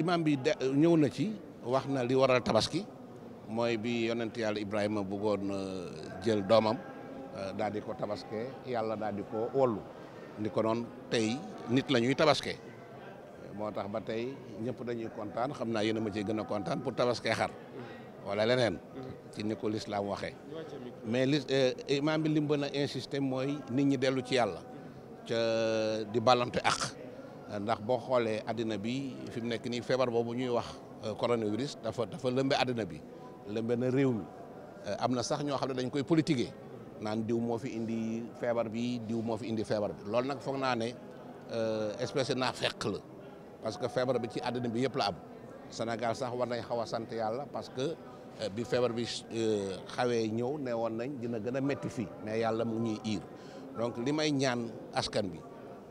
imaam bi de ñëw na ci wax na li waral tabaski mooy bi yonent yàlla Ibrahima bëggoon euh, jël doomam euh, daal di ko tabaskee yàlla daal di ko wollu ni ko noon tey nit la ñuy tabaskee moo tax ba tey ñëpp dañuy kontaan xam naa yéen a ma ciy gën a kontaan pour tabaskee xar wala leneen. ci ni ko lislaam waxee. mais li euh, imaam bi lim ba na insisté mooy nit ñi dellu ci yàlla. di ballante ak. ndax boo xoolee àddina bi fi mu nekk nii feebar boobu ñuy wax euh, coronavirus dafa dafa lëmbe àddina bi lëmbe na réew mi euh, am na sax ñoo xam ne dañ koy politiquer naan diw moo fi indi feebar bi diw moo fi indi feebar loolu nag foog naa ne euh, espèce na fekk la parce que feebar bi ci àddina bi yëpp la am Sénégal sax war nañ xaw a sant yàlla parce que bi feebar bi xawee ñëw ne woon nañ dina gën a métti fii mais yàlla mu ñuy iir donc li ñaan askan bi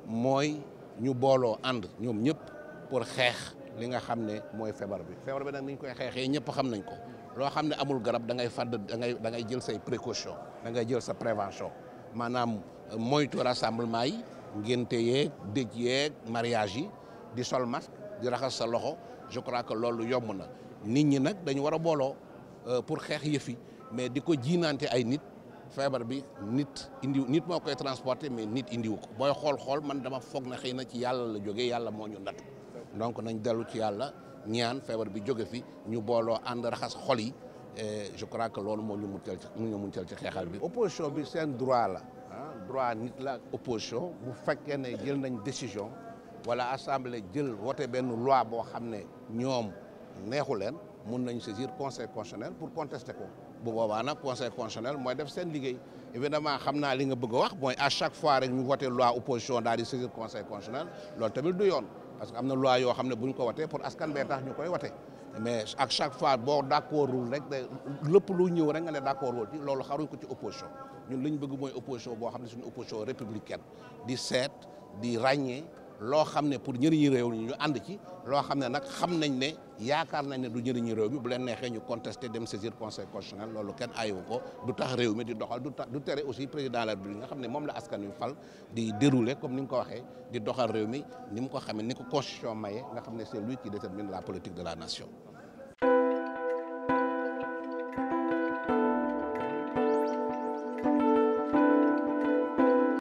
mooy ñu booloo ànd ñoom ñëpp pour xeex li nga xam ne mooy feebar bi feebar bi nag ni ñu koy xeexee ñëpp xam nañ ko loo xam ne amul garab da ngay fàdd da ngay da ngay jël say précaution da ngay jël sa prévention maanaam euh, moytu rassemblement yi ngénte yeeg dëj yeeg mariage yi di sol masque di raxas sa loxo je crois que loolu yomb na nit ñi nag dañ war a booloo euh, pour xeex yëfi mais di ko jiinaante ay nit feebar bi nit indiwu nit moo koy transporter mais nit indiwu ko booy xool-xool man dama foog na xëy na ci yàlla la jógee yàlla moo ñu nattu donc nañ dellu ci yàlla ñaan feebar bi jóge fi ñu booloo ànd raxas xol yi je crois que loolu moo ñu muccal ci mu ñu muccal ci bi. opposition bi seen droit la ah droit nit la ak bu fekkee ne jël nañ décision wala assemblée jël voté benn loi boo xam ne ñoom neexu leen mun nañ saisir conseil constitutionnel pour contester ko. bu boobaa nag conseil constitutionnel mooy def seen liggéey évidemment xam naa li nga bëgg wax mooy à chaque fois rek ñu voté loi opposition daal di saisir conseil constitutionnel loolu tamit du yoon parce que am na loi yoo xam ne bu ñu ko watee pour askan bee tax ñu koy watee mais à chaque fois boo d' accordul rek lépp lu ñëw rek nga ne d' accord wul loolu xaruñ ko ci opposition ñun li ñu bëgg mooy opposition boo xam ne suñu opposition républicaine di seet di ràññee. loo xam ne pour njëriñu réew mi ñu ànd ci loo xam ne nag xam nañ ne yaakaar nañ ne du njëriñu réew mi bu leen neexee ñu contester dem saisir conseil constitutionnel loolu kenn ayiwu ko du tax réew mi di doxal du tere aussi président de la République nga xam ne moom la askan wi fal di dérouler comme ni nga ko waxee di doxal réew mi ni mu ko xamee ni ko constitution maye nga xam ne c'est lui qui détermine la politique de la nation